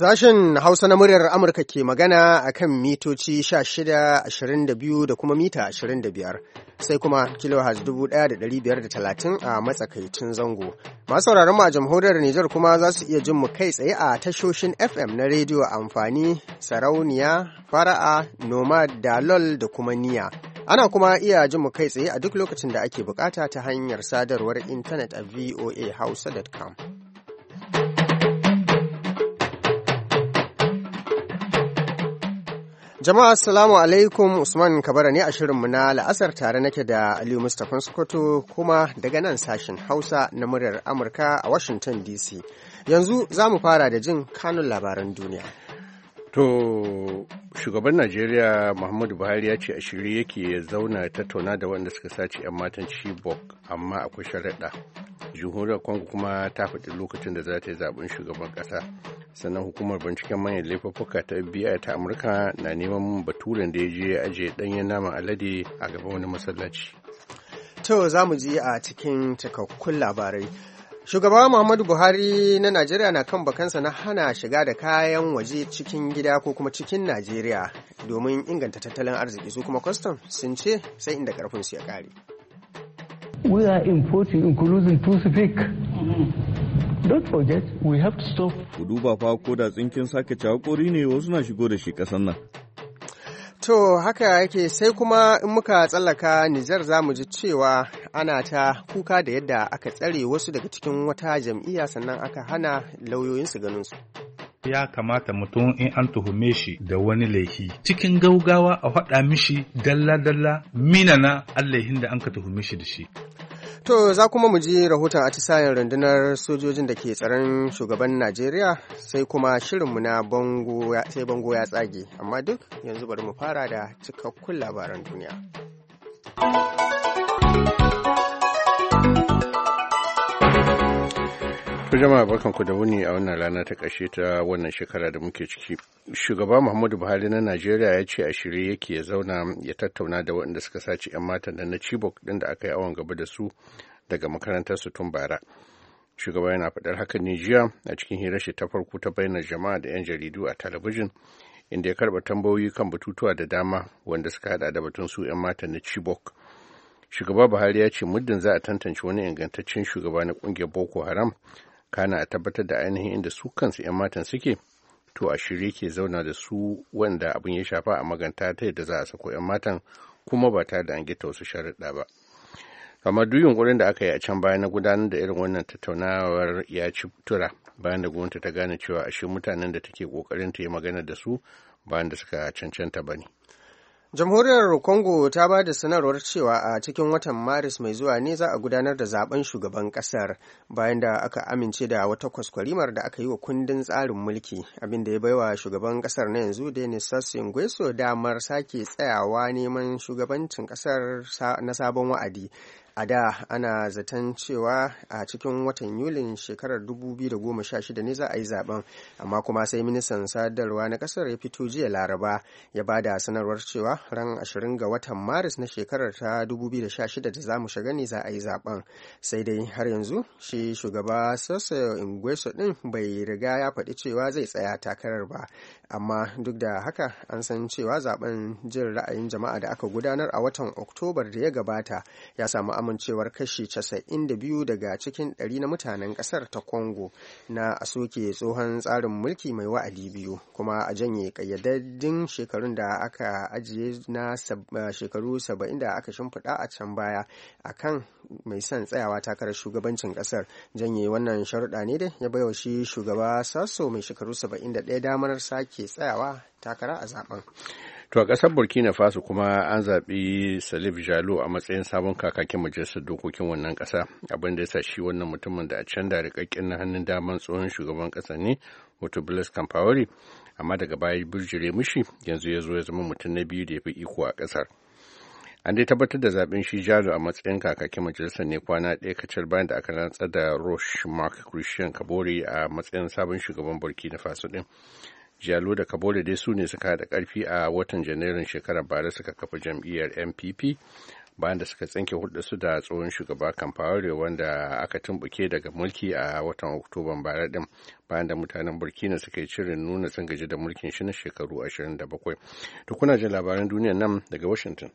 Sashen Hausa na muryar Amurka ke magana a kan mitoci 16, 22 da kuma mita 25, sai kuma kilohaz 1530 a matsakaicin zango. Masu sauraron mu a jamhuriyar Nijar kuma za su iya jin mu kai tsaye a tashoshin FM na rediyo amfani, sarauniya, fara'a, noma, dalol da kuma niya. Ana kuma iya jin mu kai tsaye a duk lokacin da ake bukata ta hanyar sadarwar intanet a voahausa.com. Jama'a assalamu alaikum Usman Kabara ne a shirinmu na la'asar tare nake da Aliyu Mustapha Sokoto kuma daga nan sashen Hausa na muryar Amurka a Washington DC. Yanzu za mu fara da jin kanun labaran duniya. To shugaban Najeriya Muhammadu Buhari ya ce a shirye yake ya zauna tattauna da wanda suka sace 'yan matan Chibok amma akwai sharaɗa. jihuriyar congo kuma ta faɗi lokacin da za ta yi zaben shugaban ƙasa sannan hukumar binciken manyan laifuffuka ta bi ta amurka na neman baturen da ya je ajiye ɗanyen naman alade a gaban wani masallaci to za mu ji a cikin cikakkun labarai Shugaba Muhammadu Buhari na Najeriya na kan bakansa na hana shiga da kayan waje cikin gida ko kuma cikin Najeriya domin inganta tattalin arziki su kuma kwastam sun ce sai inda karfin su ya kare. we are importing including speak. Mm-hmm. don't forget we have to stop ku duba fa ko da tsinkin sake cakuri ne wasu na shigo da shi kasan nan To haka yake sai kuma in muka tsallaka Nijar za mu ji cewa ana ta kuka da yadda aka tsare wasu daga cikin wata jam'iyya sannan aka hana lauyoyinsu ganinsu. ya kamata mutum in an tuhume shi da wani laifi cikin gaugawa a faɗa mishi dalla-dalla minana allahin da an ka tuhume shi da shi To za kuma mu ji rahoton atisayen rundunar sojojin da ke tsaron shugaban Najeriya sai kuma shirinmu na sai bango ya tsage amma duk yanzu bari mu fara da cikakkun labaran duniya. ku jama'a ku da wuni a wannan rana ta ƙarshe ta wannan shekara da muke ciki. Shugaba Muhammadu Buhari na Najeriya ya ce a shirye yake ya zauna ya tattauna da waɗanda suka sace 'yan matan da na Chibok ɗin da aka yi awon gaba da su daga makarantar su tun bara. Shugaba yana faɗar haka ne jiya a cikin hirar shi ta farko ta bayyana jama'a da 'yan jaridu a talabijin inda ya karɓa tambayoyi kan batutuwa da dama wanda suka haɗa da batun su 'yan matan na Chibok. Shugaba Buhari ya ce muddin za a tantance wani ingantaccen shugaba na kungiyar Boko Haram kana a tabbatar da ainihin inda su kansu 'yan matan suke to a shirye ke zauna da su wanda abin ya shafa a maganta ta yadda za a sako 'yan matan kuma ba ta da an gita wasu sharaɗa ba kamar duk yunkurin da aka yi a can baya na gudanar da irin wannan tattaunawar ya ci tura bayan da gwamnati ta gane cewa ashe mutanen da take kokarin ta yi magana da su bayan da suka cancanta ba ne. Jamhuriyar Congo ta ba da sanarwar cewa a cikin watan Maris mai zuwa ne za a gudanar da zaben shugaban kasar bayan da aka amince da wata kwaskwarimar da aka yi wa kundin tsarin mulki abinda ya baiwa shugaban kasar na yanzu Denis Sassou Nguesso damar sake tsayawa neman shugabancin kasar na sabon wa'adi a da ana zaton cewa a cikin watan yulin shekarar 2016 ne za a yi zaben amma kuma sai ministan sadarwa na kasar ya fito jiya laraba ya ba da sanarwar cewa ran 20 ga watan maris na shekarar ta 2016 da za mu shiga ne za a yi zaben sai dai har yanzu shi shugaba sassa ingweso din bai riga ya faɗi cewa zai tsaya takarar ba amma duk da haka an san cewa zaben jin ra'ayin jama'a da aka gudanar a watan oktobar da ya gabata ya samu amincewar kashi 92 daga cikin 100 na mutanen kasar ta congo na a soke tsohon tsarin mulki mai wa'adi biyu kuma a janye kayyadaddin shekarun da aka ajiye na eh, shekaru 70 da aka shimfiɗa a can baya akan mai son tsayawa takarar shugabancin kasar janye wannan sharuɗa ne dai ya baiwa shi shugaba sasso mai shekaru 71 damar sake tsayawa takara a zaben To a kasar Burkina Faso kuma an zaɓi Salif Jalo a matsayin sabon kakakin majalisar dokokin wannan ƙasa abin da ya sa shi wannan mutumin da a can da rikakken na hannun daman tsohon shugaban ƙasa ne wato Blaise Kamfawari, amma daga baya birjire mushi yanzu ya zo ya zama mutum na biyu da ya fi iko a ƙasar. An dai tabbatar da zaɓen shi Jalo a matsayin kakakin majalisar ne kwana ɗaya kacal bayan da aka rantsar da Roche Mark Christian Kabore a matsayin sabon shugaban Burkina Faso ɗin. jalo da kabore dai su ne suka da karfi a watan janairun shekarar bara suka kafa jam'iyyar npp bayan da suka tsinke hudu su da tsohon shugaba kamfaure wanda aka tumbuke daga mulki a watan oktoban bara din bayan da mutanen burkina suka yi cirin nuna sun gaji da mulkin shi na shekaru 27 da kuna jin labaran duniya nan daga washington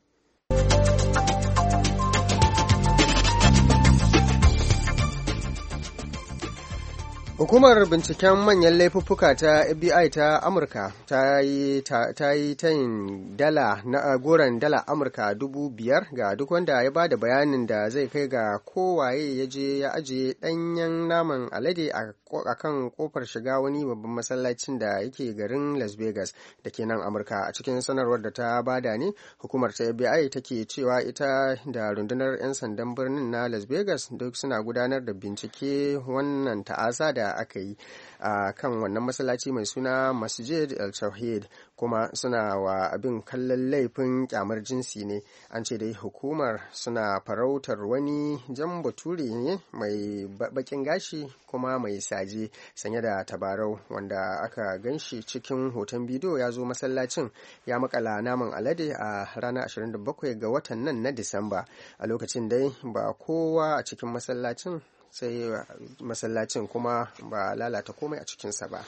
Hukumar binciken manyan laifuffuka ta FBI ta Amurka ta yi tayin dala na eh, goron dala Amurka dubu biyar ga duk wanda ya ba da bayanin da zai kai ga kowaye ya je ya ajiye ɗanyen naman alade a kan kofar shiga wani babban masallacin da yake garin Las Vegas da ke nan Amurka a cikin sanarwar da ta bada ne hukumar ta FBI ta ke cewa ita da rundunar 'yan sandan birnin na Las Vegas duk suna gudanar da bincike wannan ta'asa da da aka yi a kan wannan masallaci mai suna masjid al tawhid kuma suna wa abin kallon laifin kyamar jinsi ne an ce dai hukumar suna farautar wani jan bature ne mai bakin gashi kuma mai saje sanye da tabarau wanda aka ganshi cikin hoton bidiyo ya zo masallacin ya makala naman alade a ranar 27 ga watan nan na disamba a lokacin dai ba kowa a cikin masallacin sai eh, masallacin kuma ba lalata komai a cikinsa ba.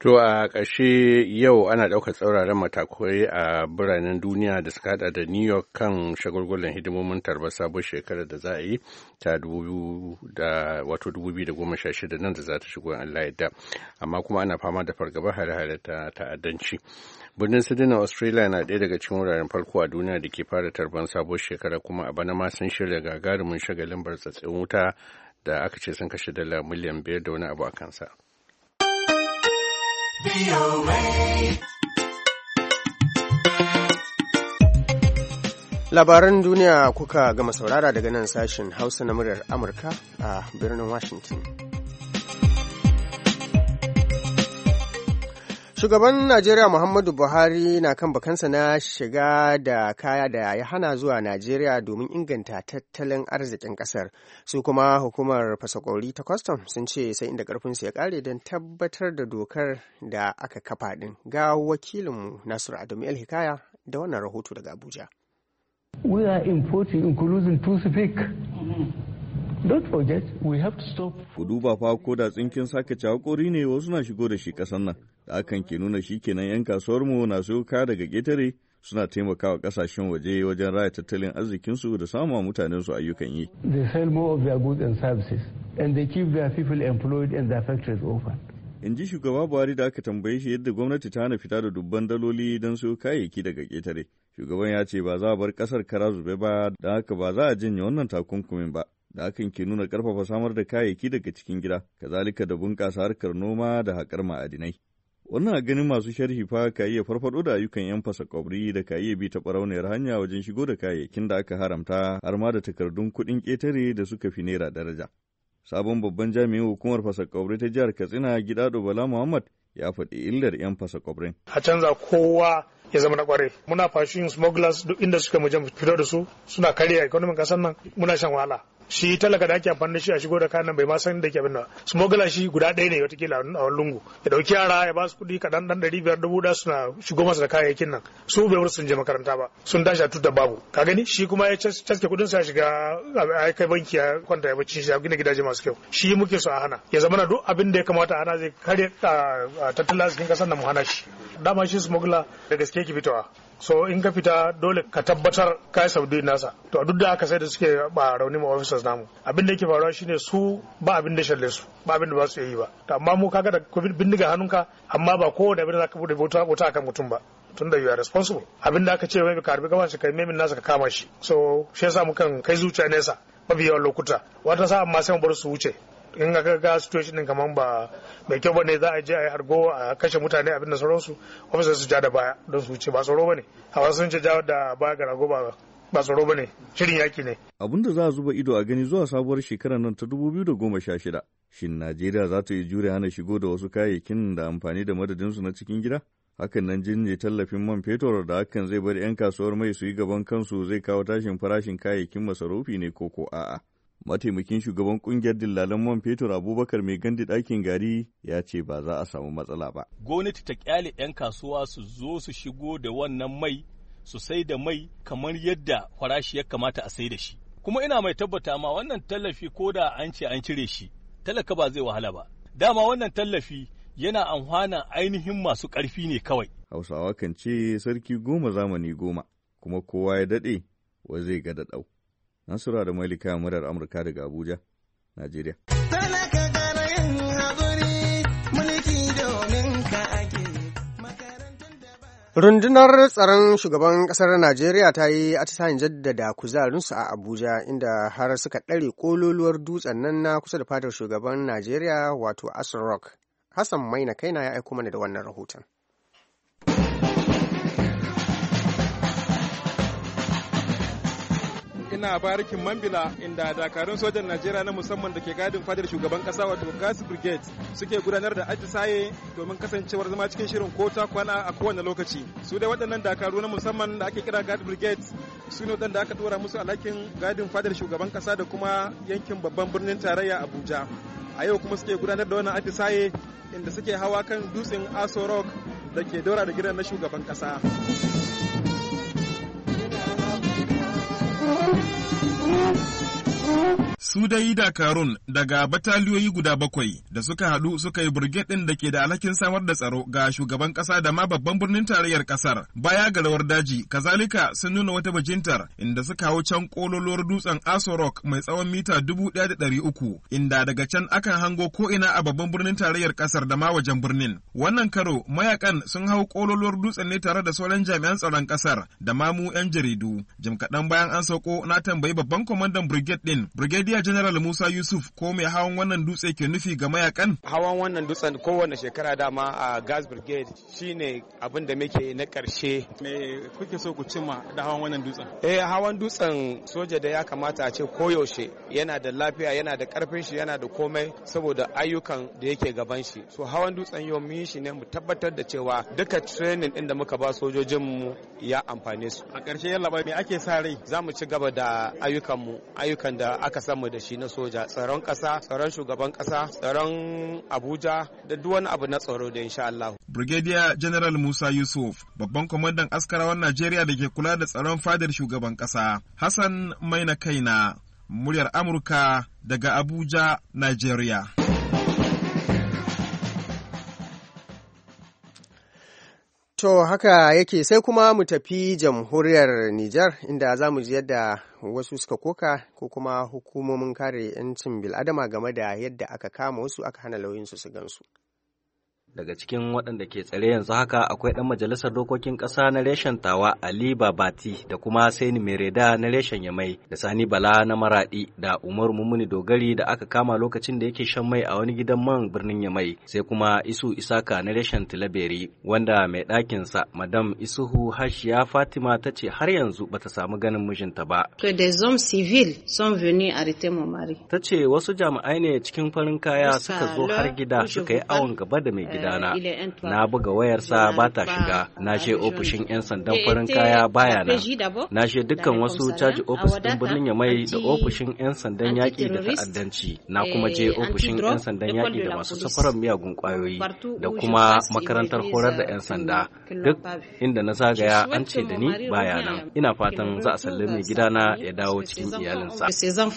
To a ƙarshe yau ana ɗaukar tsauraran matakai a biranen duniya da suka hada da New York kan shagulgulan hidimomin tarbar sabon shekarar da za a yi ta wato 2016 nan da za ta shigo Allah yadda. Amma kuma ana fama da fargaba hare-hare ta ta'addanci. Birnin Sydney Australia na ɗaya daga cikin wuraren farko a duniya da ke fara tarban sabon shekara kuma a bana ma sun shirya gagarumin shagalin barzatsin wuta da aka ce sun kashe dala miliyan biyar da wani abu a kansa. Labaran duniya kuka gama saurara daga nan sashen Hausa na muryar Amurka a birnin Washington. Shugaban Najeriya Muhammadu Buhari na kan bakansa na shiga da kaya da ya hana zuwa Najeriya domin inganta tattalin arzikin ƙasar Su kuma hukumar fasakori ta kwastam sun ce sai inda karfinsu ya kare don tabbatar da dokar da aka kafa din. Ga wakilinmu Nasiru Adamu El Hikaya da wannan rahoto daga Abuja. We are importing inclusion to speak. Don't forget, we have to stop. Ku duba fa ko da tsinkin sake hakori ne wasu na shigo da shi ƙasar nan. da akan ke nuna shi kenan 'yan kasuwarmu na su ka daga ƙetare suna taimakawa ƙasashen waje wajen raya tattalin arzikinsu da samun mutanen su ayyukan yi. They sell more of their goods and services and they keep their people employed and their factories open. In ji shugaba Buhari da aka tambaye shi yadda gwamnati ta hana fita da dubban daloli don su kayayyaki daga ƙetare. Shugaban ya ce ba za a bar ƙasar kara zube ba da haka ba za a janye wannan takunkumin ba. Da hakan ke nuna karfafa samar da kayayyaki daga cikin gida, kazalika da bunƙasa harkar noma da haƙar ma'adinai. Wannan a ganin masu sharhi fa ka iya farfado da ayyukan 'yan fasa kwabri da ka iya bi ta barauniyar hanya wajen shigo da kayayyakin da aka haramta har ma da takardun kuɗin ƙetare da suka fi naira daraja. Sabon babban jami'in hukumar fasa kwabri ta jihar Katsina Gidado Bala Muhammad ya faɗi illar 'yan fasa kwabrin. A canza kowa ya zama na kware muna fashin smugglers duk inda suka mu fito da su suna karya ikonomin kasar nan muna shan wahala shi talaka da ake amfani da shi a shigo da kayan nan bai ma san da ke abin nan smuggler shi guda ɗaya ne watakila a wani lungu ya dauki yara ya ba su kuɗi kaɗan ɗan ɗari biyar dubu ɗaya suna shigo masa da kayayyakin nan su bai wurin sun je makaranta ba sun tashi a tuta babu ka gani shi kuma ya caske kuɗin a shiga a kai banki a kwanta ya bacci shi a gina gidaje masu kyau shi muke so a hana ya zama na duk abin da ya kamata hana zai kare tattalin arzikin ƙasar nan mu hana shi dama shi smuggler da gaske ki fitowa so in ka fita dole ka tabbatar ka yi saudi nasa to a duk da haka sai da suke ba rauni ma officers namu abin da yake faruwa shine su ba abin da shalle su ba abin da ba su yi ba to amma mu kaga da bindiga hannunka amma ba kowane abin da zaka bude bota akan mutum ba tun you are responsible abin da aka ce ka karbi gaban shi kai memin nasa ka kama shi so shi yasa mukan kai zuciya nesa mafi yawan lokuta wata sa'an ma sai mu bar su wuce in aka ga situation din kamar ba mai kyau bane za a je a yi hargo a kashe mutane abin da sauransu officers su ja da baya don su ce ba tsoro bane a wasu sun ce ja da baya ga rago ba ba tsoro bane shirin yaki ne abin da za a zuba ido a gani zuwa sabuwar shekarar nan ta 2016 shin Najeriya za ta yi jure hana shigo da wasu kayayyakin da amfani da madadin su na cikin gida hakan nan jinje tallafin man fetur da hakan zai bar 'yan kasuwar mai su yi gaban kansu zai kawo tashin farashin kayayyakin masarufi ne ko ko a'a mataimakin shugaban kungiyar dillalan man fetur abubakar mai gandi ɗakin gari ya ce ba za a samu matsala ba gwamnati ta kyale 'yan kasuwa su zo su shigo da wannan mai su sai da mai kamar yadda farashi ya kamata a sai da shi kuma ina mai tabbata ma wannan tallafi ko da an ce an cire shi talaka ba zai wahala ba dama wannan tallafi yana amfana ainihin masu ƙarfi ne kawai hausawa kan ce sarki goma zamani goma kuma kowa ya daɗe wa zai ga da ɗau Nasura da Malika murar Amurka daga Abuja, Najeriya. Rundunar tsaron shugaban ƙasar Najeriya ta yi atisayin jaddada kuzarinsu a Abuja inda har suka ɗare kololuwar dutsen nan na kusa da fatar shugaban Najeriya wato Aso Rock. Hassan Maina kaina ya aiko mana da wannan rahoton. ina barikin mambila inda dakarun sojan najeriya na musamman da ke gadin fadar shugaban kasa wato gas brigade suke gudanar da atisaye domin kasancewar zama cikin shirin ko ta kwana a kowane lokaci su dai waɗannan dakaru na musamman da ake kira guard brigade su ne waɗanda aka dora musu alhakin gadin fadar shugaban kasa da kuma yankin babban birnin tarayya abuja a yau kuma suke gudanar da wannan atisaye inda suke hawa kan dutsen aso rock da ke daura da gidan na shugaban kasa. Mm-hmm. Su dai Dakarun daga bataliyoyi guda bakwai da suka haɗu suka yi burge din da ke da alhakin samar da tsaro ga shugaban ƙasa da ma babban birnin tarayyar ƙasar. Baya ga rawar daji, kazalika sun nuna wata bajintar inda suka hau can ƙololuwar dutsen Aso Rock mai tsawon mita dubu ɗaya da ɗari uku, inda daga can akan hango ko'ina a babban birnin tarayyar ƙasar da ma wajen birnin. Wannan karo mayakan sun hau ƙololuwar dutsen ne tare da sauran jami'an tsaron ƙasar da ma mu 'yan jaridu. Jim kaɗan bayan an sauko na tambayi babban kwamandan brigade din Brigadier General Musa Yusuf ko mai hawan wannan dutse ke nufi ga mayakan? Hawan wannan dutsen kowane shekara dama a Gas Brigade shine abin da muke na karshe. Me kuke so ku cimma da hawan wannan dutsen? Eh hawan dutsen soja da ya kamata a ce koyaushe yana da lafiya yana da karfin shi yana da komai saboda ayyukan da yake gaban shi. So hawan dutsen yau mun shi ne mu tabbatar da cewa duka training din da muka ba sojojin mu ya amfane su. A ƙarshe yalla me ake sa rai? Za mu ci gaba da ayyukan mu ayyukan da aka samu da shi na soja tsaron ƙasa tsaron shugaban ƙasa tsaron abuja da duk wani abu na tsaro da insha Allah. Brigadier General Musa Yusuf babban kwamandan askarawan Najeriya da ke kula da tsaron fadar shugaban ƙasa Hassan Maina Kaina muryar Amurka daga Abuja, Najeriya. To haka yake sai kuma mu tafi jamhuriyar Nijar inda za mu ji yadda wasu suka koka ko kuma hukumomin kare 'yancin bil'adama game da yadda aka kama wasu aka hana lauyinsu su gansu. Daga cikin waɗanda ke tsare yanzu haka akwai ɗan majalisar dokokin ƙasa na reshen tawa Ali Babati da kuma Saini Mereda na reshen Yamai da Sani Bala na maradi da Umar mummuni Dogari da aka kama lokacin da yake shan mai a wani gidan man birnin Yamai sai kuma Isu Isaka na reshen Tilaberi wanda mai ɗakinsa Madam Isuhu Hashiya Fatima ta ce har yanzu bata samu ganin mijinta ba. sont Ta ce wasu jami'ai ne cikin farin kaya suka zo har gida suka yi awon gaba da mai gida. gidana na buga wayarsa ba ta shiga na je ofishin 'yan sandan eh, farin eh, kaya baya na na je dukkan wasu caji ofis din birnin ya mai da ofishin 'yan sandan yaƙi da ta'addanci na kuma je eh, ofishin 'yan sandan yaƙi da masu safarar miyagun kwayoyi da kuma makarantar horar da 'yan sanda duk inda na zagaya an ce da ni baya nan ina fatan za a sallame gidana ya dawo cikin iyalinsa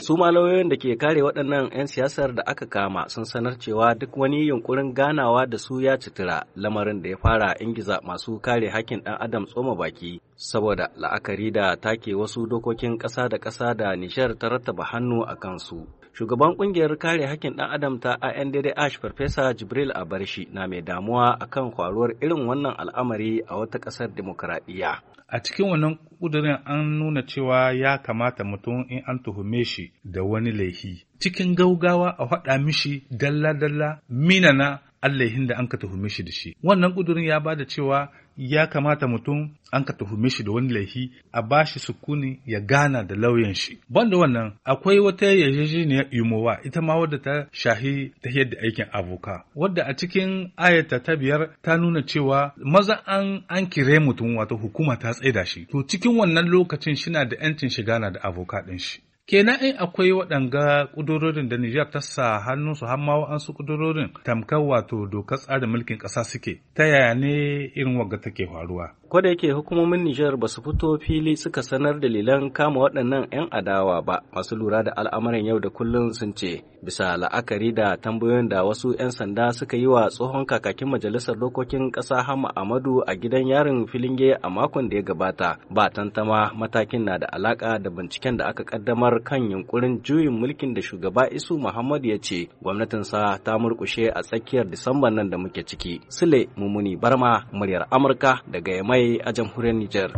su ma lauyoyin da ke kare waɗannan 'yan siyasar da aka kama sun sanar cewa duk wani yunkurin ganawa da su ya citira lamarin da ya fara ingiza masu kare hakkin ɗan adam tsoma baki saboda la'akari da take wasu dokokin ƙasa da ƙasa da nishar ta rattaba hannu a kansu. Shugaban ƙungiyar kare hakkin ɗan adam ta INDDH Ash Farfesa Jibril Abarshi na mai damuwa akan kwaruwar irin wannan al'amari a wata ƙasar demokuraɗiyya. A cikin wannan ƙudurin an nuna cewa ya kamata mutum in an tuhume shi da wani laifi. Cikin gaugawa a haɗa mishi dalla-dalla minana allahin da an ka tuhume shi da shi wannan ƙudurin ya ba da cewa ya kamata mutum an ka tuhume shi da wani laifi a ba shi sukuni ya gana da lauyan shi banda wannan akwai wata yarjejeniyar imowa ita ma wadda ta shahi ta yadda aikin aboka wadda a cikin ayata ta biyar ta nuna cewa maza an an kire mutum wato hukuma ta tsaida shi to cikin wannan lokacin shina da yancin shi gana da aboka ɗin shi kenan in akwai waɗanga ƙudurorin da Nijar ta sa hannunsu har hamma wa'ansu ƙudurorin tamkar wato dokar tsarin mulkin ƙasa suke ta yaya ne irin wagga take faruwa Kwada yake hukumomin Nijar ba su fito fili suka sanar dalilan kama waɗannan 'yan adawa ba masu lura da al'amuran yau da kullum sun ce bisa la'akari da tambayoyin da wasu 'yan sanda suka yi wa tsohon kakakin majalisar dokokin ƙasa Hama Amadu a gidan yarin Filinge a makon da ya gabata ba tantama matakin na da alaƙa da binciken da aka kaddamar kan yunkurin juyin mulkin da shugaba Isu Muhammad ya ce gwamnatinsa ta murƙushe a tsakiyar Disamban nan da muke ciki. Sule Mummuni Barma muryar Amurka daga Yamai mai a jamhuriyar Nijar.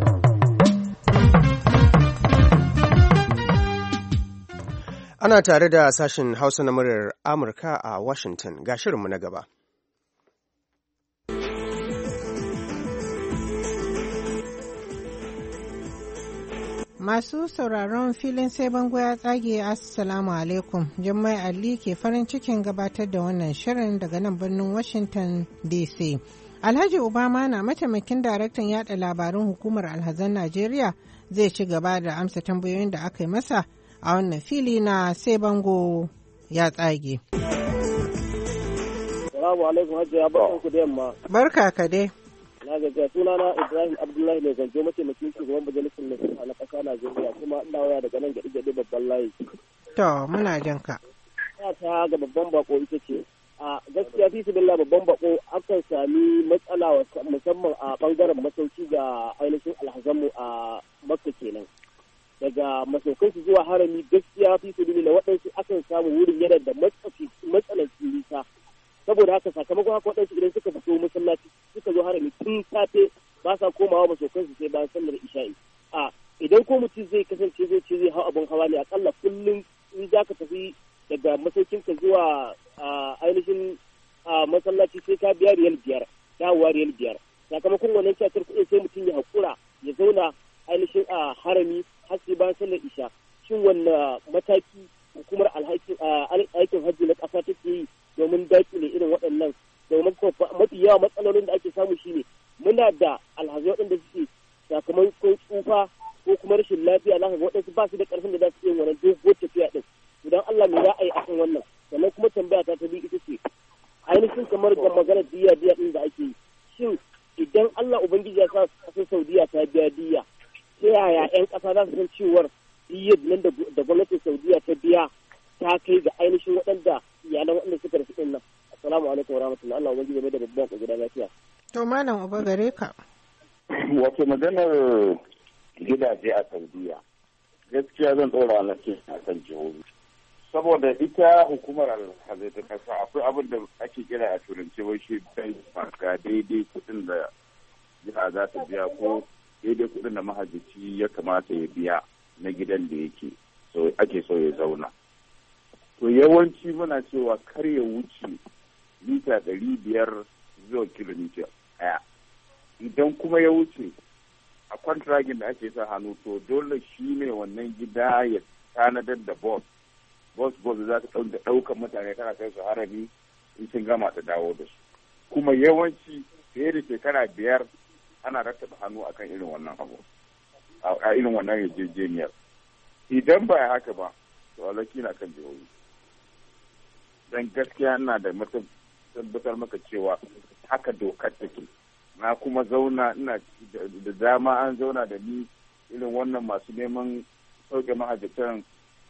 Ana tare da sashen Hausa na muryar Amurka a Washington ga shirinmu na gaba. Masu sauraron filin sai bango ya tsage Assalamu alaikum. Jummai Ali ke farin cikin gabatar da wannan shirin daga nan birnin Washington DC. Alhaji Obama na mataimakin daraktan yada labarun hukumar alhazan Najeriya zai ci gaba da amsa tambayoyin da aka yi masa a wannan fili na sai bango ya tsage. hajiya da yamma. Barka ka dai. Na gajiya sunana Ibrahim Abdullahi mai zanjo mataimakin shugaban majalisar nasiha na ƙasa Najeriya kuma ina waya daga nan gyaɗe-gyaɗe babban layi. To muna jan ka. Ta ga babban bako ita ce a gaskiya fi billah babban bako akan sami matsala musamman a bangaren masauki ga ainihin alhazanmu a makka kenan daga su zuwa harami gaskiya fi billah waɗansu akan samu wurin yana da matsalar nisa saboda haka sakamakon haka waɗansu idan suka fito masallaci suka zo harami tun safe ba sa komawa masaukansu sai bayan sallar isha'i a idan ko mutum zai kasance zai ce zai hau abin hawa ne akalla kullum in za ka tafi daga masaukinka zuwa ainihin masallaci sai ka biya riyal biyar dawowa riyal biyar sakamakon wannan kyautar kuɗin sai mutum ya haƙura ya zauna ainihin a harami har sai bayan sallar isha shin wannan mataki hukumar aikin hajji na ƙasa take yi domin daƙile irin waɗannan domin mafi yawa matsalolin da ake samu shine muna da alhazai waɗanda suke sakamakon tsufa ko kuma rashin lafiya na waɗansu ba su da ƙarfin da za su iya wannan doguwar tafiya ɗin idan Allah mai za a yi akan wannan sannan kuma tambaya ta ta bi ita ce ainihin kamar ga magana diya diya din da ake shin idan Allah ubangiji ya sa kasar Saudiya ta biya diya ta yaya yan kasa za su san cewar diyyar nan da gwamnatin Saudiya ta biya ta kai ga ainihin waɗanda iyalan waɗanda suka rasu din nan assalamu alaikum wa rahmatullahi Allah ubangiji mai da babban ku gida lafiya to malam uba gare ka wato maganar gidaje a Saudiya gaskiya zan ɗora na a kan jihohi saboda ita hukumar alhazai ta kasa akwai abin da ake kira a turance wai shi ga daidai kudin da jiha za ta biya ko daidai kudin da mahajjaci ya kamata ya biya na gidan da yake ake so ya zauna to yawanci muna cewa kar ya wuce mita ɗari biyar zuwa kilomita ɗaya idan kuma ya wuce a kwantiragin da ake sa hannu to dole shi ne wannan gida ya tanadar da bot bus bus za ta ɗaukar ɗaukan mutane tana kai su harami in sun gama ta dawo da su kuma yawanci fiye da shekara biyar ana rattaba hannu akan irin wannan abu a irin wannan yarjejeniyar idan ba haka ba to alaki na kan jihohi dan gaskiya ina da tabbatar maka cewa haka dokar take na kuma zauna ina da dama an zauna da ni irin wannan masu neman sauke mahajjatan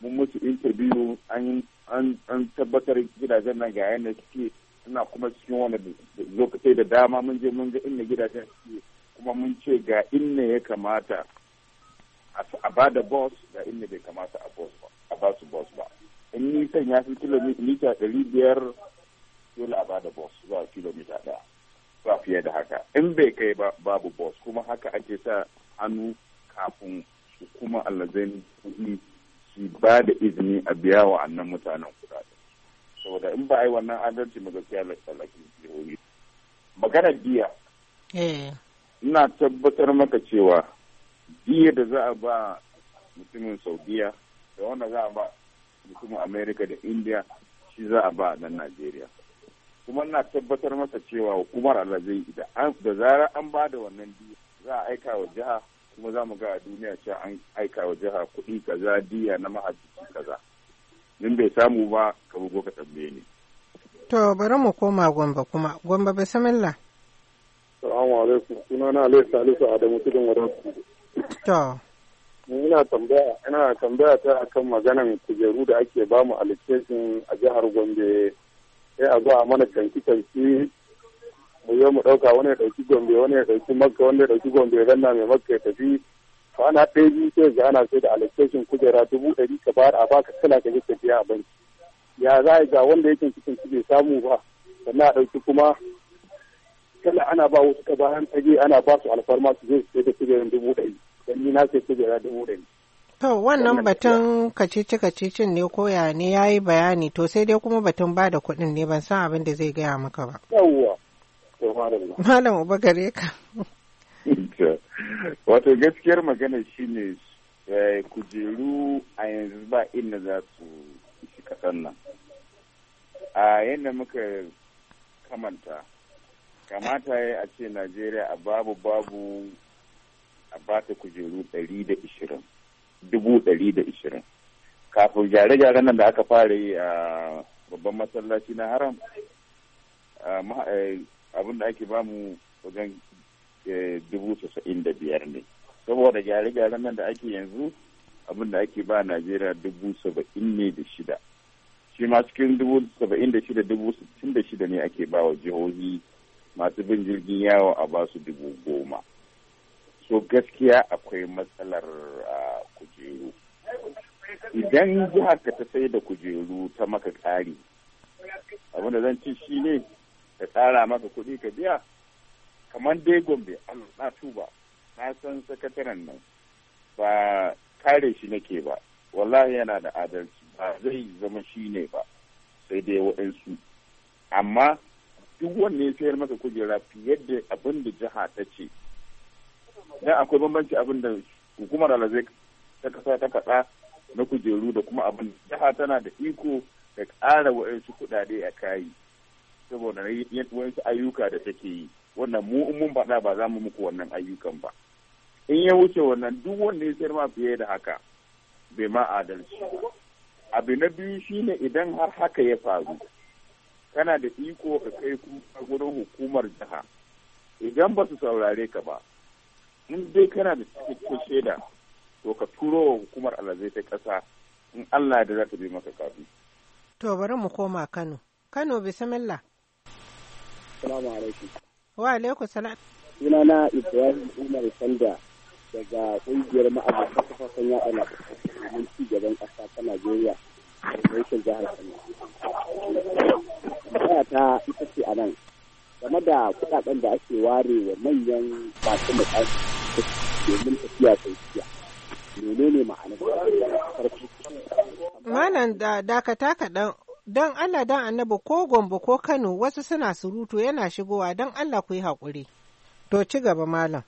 mun musu interview an tabbatar gidajen nan ga yadda suke suna kuma cikin wani lokacin da dama mun je mun ga inda gidajen suke kuma mun ce ga inda ya kamata a ba da boss ga inda bai kamata a ba a ba su boss ba in nisan ya fi kilomita ɗari biyar dole a ba da boss zuwa kilomita ɗaya ba fiye da haka in bai kai ba babu boss kuma haka ake sa hannu kafin kuma allazin kuɗi su ba da izini a biya wa annan mutanen kuɗaɗe saboda in ba a yi wannan adalci mu gaskiya tsallakin jihohi magana biya eh. ina tabbatar maka cewa biya da za a ba mutumin saudiya da wanda za a ba mutumin amerika da india shi za a ba nan najeriya kuma ina tabbatar maka cewa hukumar alhazai da zarar an ba da wannan biya za a aika wa jiha kuma za mu ga a duniya cewa an aika wa jiha kuɗi kaza diya na mahajjin kaza in bai samu ba ka bugo ka tambaye ni to bari mu koma gwamba kuma gwamba bismillah salamu alaikum suna na alai salisu adamu cikin wadatu to ina tambaya ina tambaya ta akan maganan kujeru da ake bamu allocation a jihar gombe sai a zo a mana canki canki mu zo mu ɗauka wani ya ɗauki gombe wani ya ɗauki makka wani ya ɗauki gombe ranna mai makka ya tafi ana ɗaya biyu sai ga ana sai da allocation kujera dubu ɗari ka ba a baka kala ka je ka biya a banki ya za a ga wanda yake cikin su bai samu ba sannan a ɗauki kuma kala ana ba wasu ka bayan tage ana ba su alfarma su je su sai da kujerar dubu ɗari dan ni na sai kujera dubu ɗari. To wannan batun kacici kacicin ne koya ne ya yi bayani to sai dai kuma batun ba da kuɗin ne ban san abin da zai gaya maka ba. Yawwa Malam Uba gare ka. Wato gaskiyar magana shine eh, kujeru a yanzu ba inda za su shi kasan nan. A yadda muka kamanta, kamata ya a ce Najeriya a babu babu a bata kujeru dari da ishirin, dubu dari da ishirin. Kafin gyare gyare nan da aka fara yi a babban masallaci na haram, abin da ake mu wajen eh, dubu casa'in da biyar ne saboda gyare-gyaren nan da ake yanzu abin da ake ba najeriya dubu saba'in ne da shida shi ma cikin dubu saba'in da shida dubu sittin da shida ne ake ba wa jihohi masu bin jirgin yawo a ba su dubu goma so gaskiya akwai matsalar kujeru idan jihar ka ta sai da kujeru ta maka ƙari abin da zan ci shi ne ka tsara maka kuɗi ka biya kamar dai gombe na tuba na san sakataren nan ba kare shi nake ba wallahi yana da adalci ba zai zama shi ne ba sai dai waɗansu amma duk wanne ya sayar maka kujera fiye da abin da jiha ta ce dan akwai bambanci abin da hukumar alazai ta kasa ta kaɗa na kujeru da kuma abin jiha tana da iko da ƙara waɗansu kuɗaɗe a kayi saboda wasu ayyuka da take yi wannan mu in mun faɗa ba za mu muku wannan ayyukan ba in ya wuce wannan duk wanda ya sayar ma fiye da haka bai ma adalci abu na biyu shine idan har haka ya faru kana da iko ka kai kuka gurin hukumar jiha idan ba su saurare ka ba in dai kana da cikakken shaida to ka turo wa hukumar alazai ta ƙasa in allah da za ta bi maka kafi to bari mu koma kano kano bisimila. Assalamu alaikum. Wa alaikum salam. Sunana Ibrahim Umar Sanda daga ƙungiyar ma'aikata kafafen yaɗa labarai domin ci ƙasa ta Najeriya da yankin jihar Kano. ta ita ce a nan game da kuɗaɗen da ake ware wa manyan masu mutane domin tafiya tsakiya. Menene ma'anar da Malam da dakata kaɗan Don Allah don annabi ko Gombe ko Kano wasu suna surutu yana shigowa don Allah ku yi haƙuri. To ci gaba malam.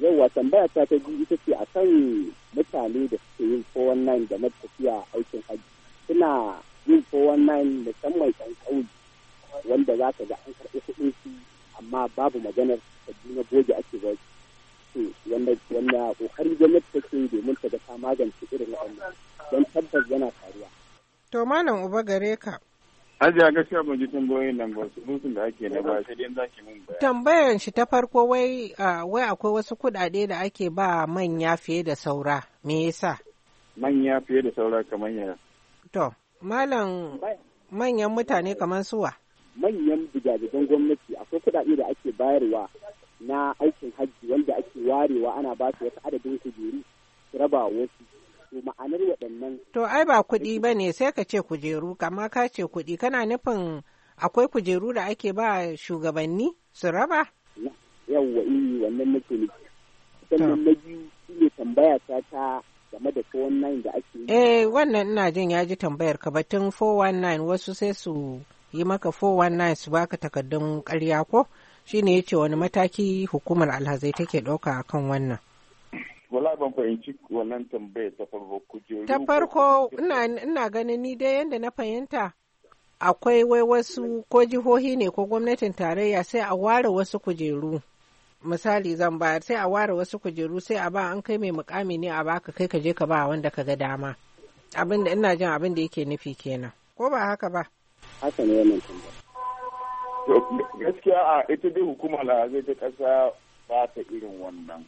yau tambaya ta ta biyu ita ce a kan mutane da suke yin 419 da matafiya aikin hajji. Suna yin 419 musamman kan ƙauye wanda za ka ga an karɓi kuɗin su amma babu maganar sabbi na goge ake ba su wanda wanda ƙoƙarin gwamnati take domin ta ga ta magance irin wannan don tabbas yana faruwa. To Malam Uba gare ka. Ajiya gaskiya ban ji tambayoyin nan ba su hutun da ake na ba sai dai ki mun bayani. Tambayar shi ta farko wai wai akwai wasu kuɗaɗe da ake ba manya fiye da saura me yasa? Manya fiye da saura kamar ya. To malam manyan mutane kamar suwa. Manyan bujajigan gwamnati akwai kuɗaɗe da ake bayarwa na aikin hajji wanda ake warewa ana ba su wasu adadin kujeru su raba wasu to ma'anar waɗannan. To ai ba kuɗi ba ne sai ka ce kujeru kama ka ce kuɗi kana nufin akwai kujeru da ake ba shugabanni su raba? Yawwa eh, wannan nake nufi. Sannan na biyu shi tambaya ta ta game da 419 da ake yi. Eh wannan ina jin ya ji tambayar ka batun 419 wasu sai su yi maka 419 su baka takardun karya ko? Shi ne ya ce wani mataki hukumar alhazai take ɗauka kan wannan. wala ban fahimci wannan tambayar ta farko kujeru ta farko ina ganin ni dai yadda na fahimta akwai wai wasu ko jihohi ne ko gwamnatin tarayya sai a ware wasu kujeru misali zan bayar sai a ware wasu kujeru sai a ba an kai mai mukami ne a baka kai ka je ka ba wanda ka ga dama abin da ina jin abin da yake nufi kenan ko ba haka ba haka ne wannan tambaya gaskiya a ita dai hukuma la zai ta kasa ba ta irin wannan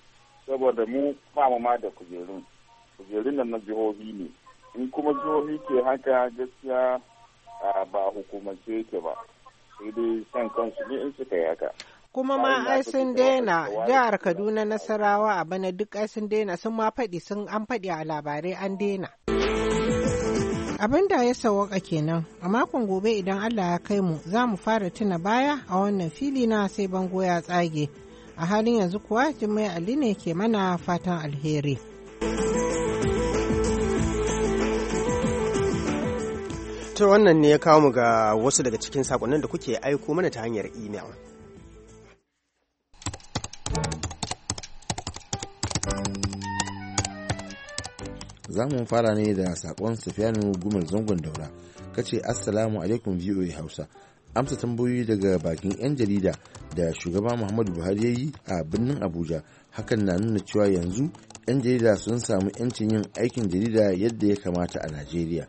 saboda mu ba mu ma da kujerun kujerun nan na jihohi ne in kuma jihohi ke haka gaskiya ba hukumance yake ba sai dai san kansu ne in suka yi haka kuma ma ai sun daina jihar kaduna nasarawa a bana duk ai sun daina sun ma faɗi sun an faɗi a labarai an daina abin da ya sawaka kenan a makon gobe idan allah ya kai mu za mu fara tuna baya a wannan fili na sai bango ya tsage a halin yanzu kuwa jimai ali ne ke mana fatan alheri ta wannan ne ya kawo mu ga wasu daga cikin sakonnin da kuke aiko mana ta hanyar imel za mu fara ne da sakon sufiyanu gumar zangon daura kace assalamu alaikum voa hausa amsa tambayoyi daga bakin 'yan jarida da shugaba muhammadu buhari ya yi a birnin abuja hakan na nuna cewa yanzu 'yan jarida sun samu 'yancin yin aikin jarida yadda ya kamata a najeriya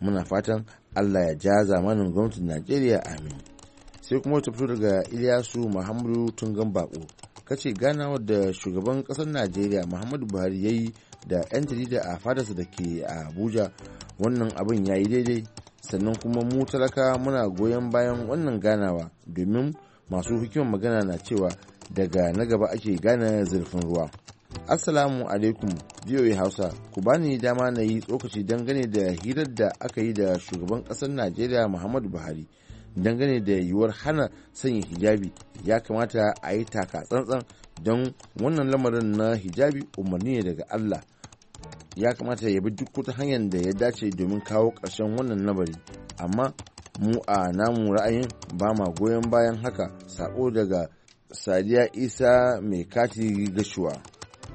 muna fatan allah ya ja zamanin gwamnatin najeriya amin sai kuma ta fito daga iliyasu muhammadu tungan bako kace ganawar da shugaban kasar najeriya muhammadu buhari ya yi da 'yan jarida a fadarsa da ke a abuja wannan abin ya yi daidai sannan kuma mu talaka muna goyon bayan wannan ganawa domin masu hikimar magana na cewa daga na gaba ake gane zurfin ruwa assalamu alaikum voa hausa ku bani dama na yi tsokaci dangane da hirar da aka yi da shugaban ƙasar najeriya muhammadu buhari dangane da yiwuwar hana sanya hijabi ya kamata a yi taka tsantsan don wannan lamarin na hijabi umarni ne daga allah ya kamata ya bi duk wata hanyar da ya dace domin kawo ƙarshen wannan nabari amma mu a namu ra'ayin ba ma goyon bayan haka sako daga sadiya isa mai kati gashuwa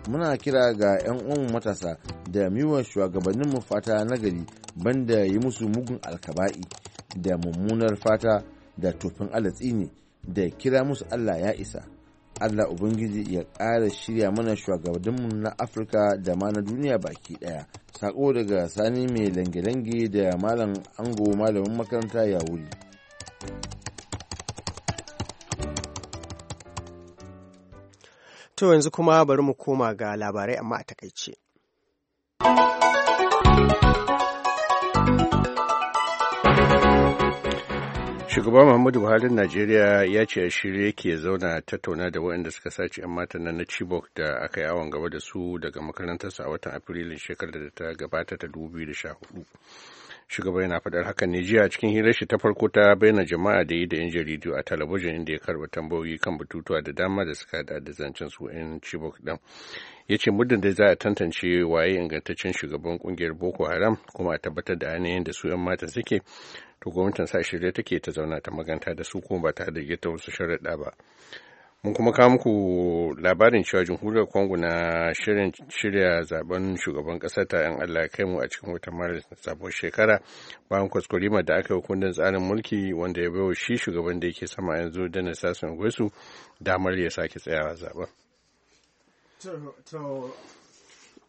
muna kira ga 'yan uwan matasa da miwa mu fata nagari banda yi musu mugun alkaba'i da mummunar fata da tofin alatsi ne da kira musu allah ya isa Allah Ubangiji ya ƙara shirya mana shugabanninmu na Afirka da ma na duniya baki ɗaya. Sako daga Sani mai lange da Malam Ango Malamin makaranta ya wuri. To yanzu kuma bari mu koma ga labarai amma a takaice. shugaba muhammadu buhari najeriya ya ce a shirye yake zauna tattauna da waɗanda suka sace yan matan nan na chibok da aka yi awon gaba da su daga makarantarsa a watan afrilun shekarar da ta gabata ta 2014 shugaba yana faɗar hakan ne jiya cikin hirar shi ta farko ta bayyana jama'a da yi da yan jaridu a talabijin inda ya karɓa tambayoyi kan batutuwa da dama da suka haɗa da zancen su yan chibok ɗin ya ce muddin da za a tantance waye ingantaccen shugaban kungiyar boko haram kuma a tabbatar da ainihin da su yan matan suke to gwamnatin sa shirye take ta zauna ta maganta da su kuma ba ta da ta wasu sharaɗa ba mun kuma kawo muku labarin cewa jamhuriyar congo na shirin shirya zaben shugaban kasa ta yan allah kai mu a cikin watan maris na sabon shekara bayan kwaskwarima da aka yi kundin tsarin mulki wanda ya baiwa shi shugaban da yake sama yanzu da na sasun gwesu damar ya sake tsayawa zaben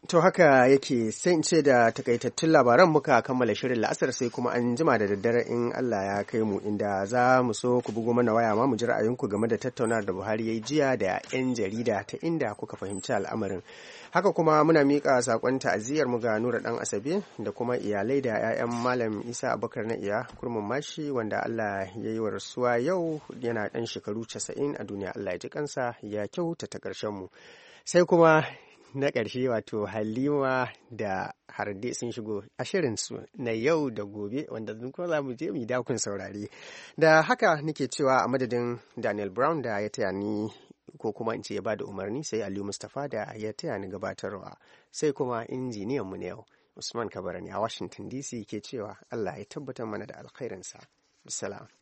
To haka yake sai in ce da takaitattun labaran muka kammala shirin la'asar sai kuma an jima da daddare in Allah ya kai mu inda za mu so ku bugo mana waya ma mu ji ra'ayinku game da tattaunawar da Buhari ya yi jiya da 'yan jarida ta inda kuka fahimci al'amarin. Haka kuma muna miƙa saƙon ta'aziyar mu ga Nura Ɗan Asabe da kuma iyalai da 'ya'yan Malam Isa Abubakar na iya kurmin mashi wanda Allah ya yi wa rasuwa yau yana ɗan shekaru 90 a duniya Allah ya ji kansa ya kyauta ta ƙarshen mu. Sai kuma na ƙarshe wato halima da harde sun shigo a shirinsu na yau da gobe wanda kuma za mu je mu dakun saurari. da haka nake cewa a madadin daniel brown da ya taya ni ko kuma in ce ya bada umarni sai aliyu mustapha da ya taya ni gabatarwa sai kuma injiniyan mu na yau usman kabarani a washington dc ke cewa allah ya tabbatar mana da alkhairinsa bisalam